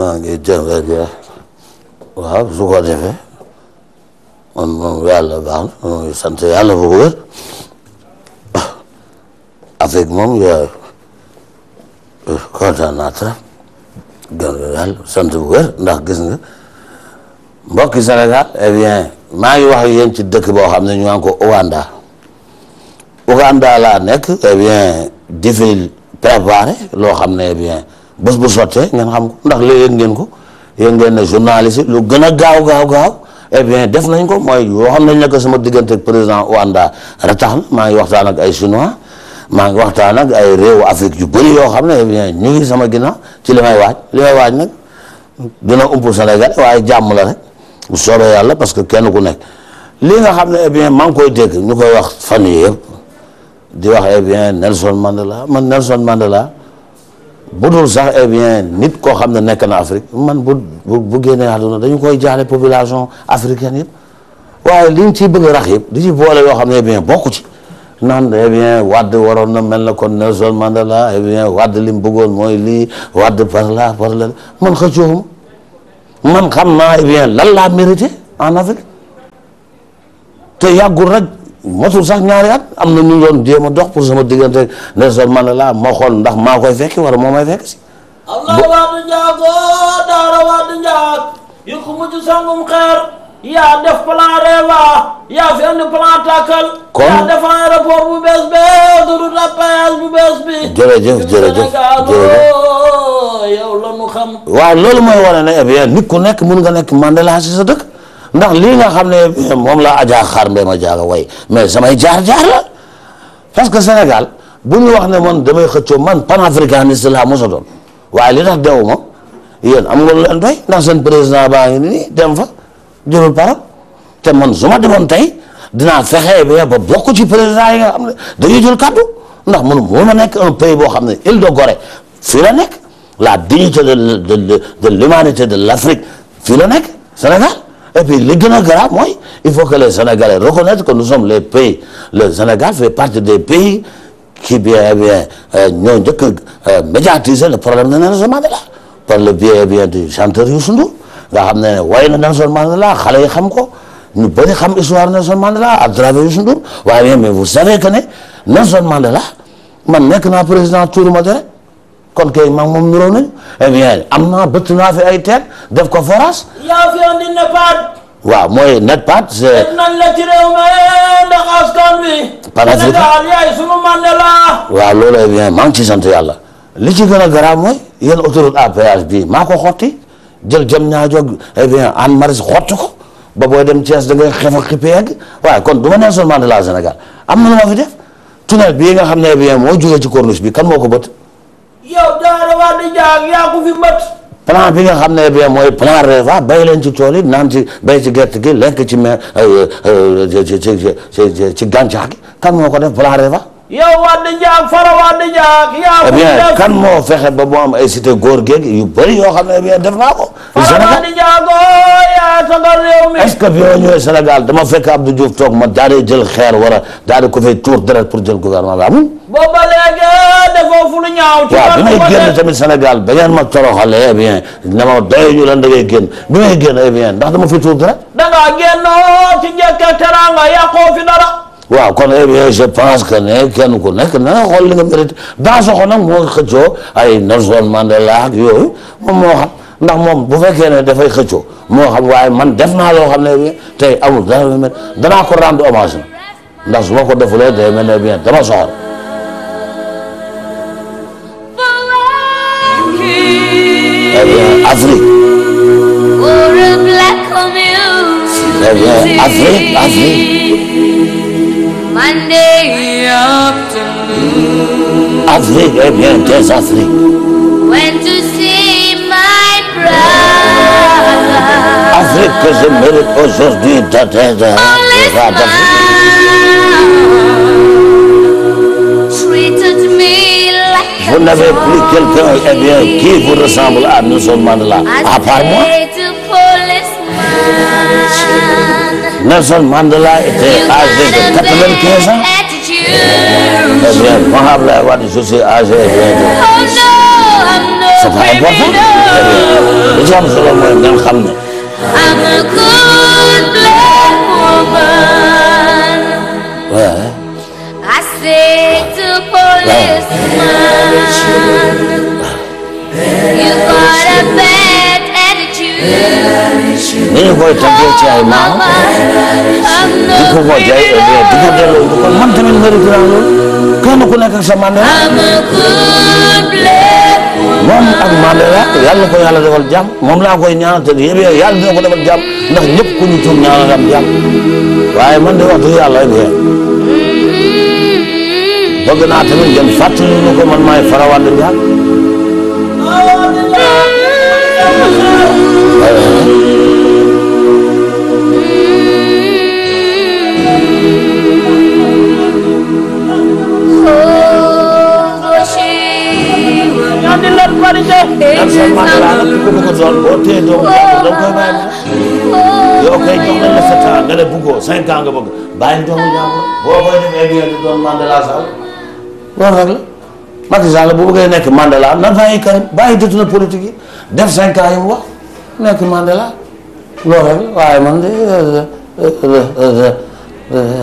maa ngi jàngat ya waaw su ko defee man moom yàlla baax na maa ngi sant yàlla bu wér avec moom yaa kontaan naa ta gën yàlla sant bu wér ndax gis nga mbokki Sénégal eh bien maa ngi wax yéen ci dëkk boo xam ne ñu naan ko Ouganda Ouganda laa nekk eh bien difil préparé loo xam ne eh bien bës bu sottee ngeen xam ko ndax léegi yëg ngeen ko yëg ngeen ne journaliste lu gën a gaaw gaaw gaaw eh def nañ ko mooy waxoon nañ nekk sama diggante président Wanda ratax maa ngi waxtaan ak ay chinois maa ngi waxtaan ak ay réewu yu bëri yoo xam ne eh ñu ngi sama ginnaaw ci li may waaj li may waaj nag dina ump Sénégal waaye jàmm la rek bu soobee yàlla parce que kenn ku nekk lii nga xam ne eh bien maa ngi koy dégg ñu koy wax fan yii yëpp di wax eh bien Nelson Mandela man Nelson Mandela. bu dul sax eh nit koo xam ne nekk na Afrique man bu bu bu génnee àdduna dañu koy jaale population africaine yëpp waaye liñ ciy bëgg rax yëpp di ci boole yoo xam ne eh bien bokku ci naan eh bien waroon na mel na kon Nelson Mandela eh bien Wade li mu bëggoon mooy lii Wade par là par là man xëccoo man xam naa eh bien lan laa mérité Afrique te yàggul rek. matul sax ñaari at am na ñu doon jéem a dox pour sama diggante Nelson Mandela ma xool ndax maa koy fekki wala moo may fekk si. allah waatu njaag oo daara waatu njaag yëg ko mujj sangum xeer yaa def plan Reva yaa fi plan takkal. kon yaa def aéroport bu bees bee duru rappayage bu bees bi. jërëjëf jërëjëf jërëjëf oh, yow la loolu mooy wane ne eh bien nekk mun nga nekk Mandela si sa dëkk. ndax lii nga xam ne moom la Adja Xaar Mbay ma jaaga way mais samay jaar-jaar la parce que Sénégal bu ñu wax ne man damay xëccoo man panafricaniste laa la moso doon waaye li tax dewu ma yéen am nga lu leen doy ndax seen président baa ngi nii dem fa jëlul parole te man su ma demoon tey dinaa fexe ba bokk ci président yi nga xam ne dañuy jël kàddu ndax man moo ma nekk un pays boo xam ne île de Gorée fii la nekk la dignité de de de l'humanité de l'Afrique fii la nekk Sénégal et puis li gën a grave mooy il faut que les Sénégalais reconnaissent que nous sommes les pays le Sénégal fait partie des pays qui bien eh bien ñoo njëkk a médiatiser le problème de Nelson Mandela par le biais eh bien du chanteur Youssou Ndour nga xam ne way na Nelson Mandela xale yi xam ko ñu bëri xam histoire Nelson Mandela à travers Youssou Ndour waaye mais vous savez que ne Nelson Mandela man nekk naa président tourma dere kon kay mag moom niroo nañ eh bien am naa bëtt naa fi ay teen def ko forage. yaa fi andi NEPAD. waaw mooy NEPAD c' est. nañ la ci réew mi ndax askan bi. a Sénégal yaay sunu Mandela. waaw loolu eh bien maa ngi ciy sant yàlla li ci gën a garaaw mooy yéen autoroute a péage bii maa ko xotti jël jëm ñaa jóg eh bien Anne Maris xotti ko ba booy dem Thiès da ngay xef ak xippi yegg waaw kon du ma Nelson Mandela Sénégal am na ma fi def tunnel bii nga xam ne eh bien moo jógee bi kan moo ko bët. yow Daara wax di jaag yaa ko fi mbët. plan bi nga xam ne bien mooy plan REVA béy leen ci tool yi naan ci béy ci gerte gi lekk ci me euh, euh, ci ci gàncax gi kan moo ko def plan REVA. yow a Ndiak Fara eh Wade kan moo fexe ba mu am ay cité góor géeg yu bëri yoo xam ne eh bien def naa ko. Fara Wade Ndiak yaa sagal réew mi. est ce que bi dama fekk Abdou Diouf toog ma daa di jël xeer wala daa ko fay tuur deret pour jël gouvernement bi amul. boobu ba léegi eh, defoo fu lu ñaaw. ci waaw bi may génn tamit ba ngeen ma toroxalee bien na ma da ngay génn bi may génn bien ndax dama fi fi dara. waaw kon eh je pense que ne kenn ku nekk na nga xool li nga mérite dans ce nag moo xëccoo ay Nelson Mandela yooyu moo xam ndax moom bu fekkee ne dafay xëccoo moo xam waaye man def naa loo xam ne bien tey amul dara lu mel ko rendre hommage na ndax su ko defulee day mel ne bien dama soxor. eh bien Afrique. Sunday afternoon. Afrique, eh bien, des Afrique. Went to see my brother. Afrique que je mérite aujourd'hui d'atteindre un grade Treated me like Vous n'avez plus quelqu'un, eh bien, qui vous ressemble à Nelson Mandela, à part moi. Nelson Mandela était âgé de 95 ans. Eh bien, Mohamed Abdoulaye Wade, je suis âgé de 10 c'est important. Eh bien, li ci am solo mooy ngeen xam ne. waaw. ni ñu koy tàggee ci ay maam di ko ko jaay ëllëg di ko kon man tamit mérite naa loolu kenn ku nekk ak sa Mandela moom ak Mandela yàlla ko yàlla defal jàmm moom laa koy ñaanal te yëpp yàlla dina ko defal jàmm ndax ñëpp ku ñu tur ñaanal am waaye man de wax dëgg yàlla rek bëgg naa tamit ngeen fàttali ñu ko man maay farawaan di seen qualité. am seen matelas nag ku ko ko doon boo téye doomu jàmbur da nga koy bàyyi mu yow kay jox nañ la sept ans nga ne bëggoo cinq ans nga bëgg bàyyi doomu jàmbur boo koy defee ngeen di doon Mandela sax loolu rek la Macky Sall bu bëggee nekk Mandela na bàyyi Karim bàyyi dëtt na politique yi def cinq ans yi mu wax nekk Mandela loolu rek la waaye man de.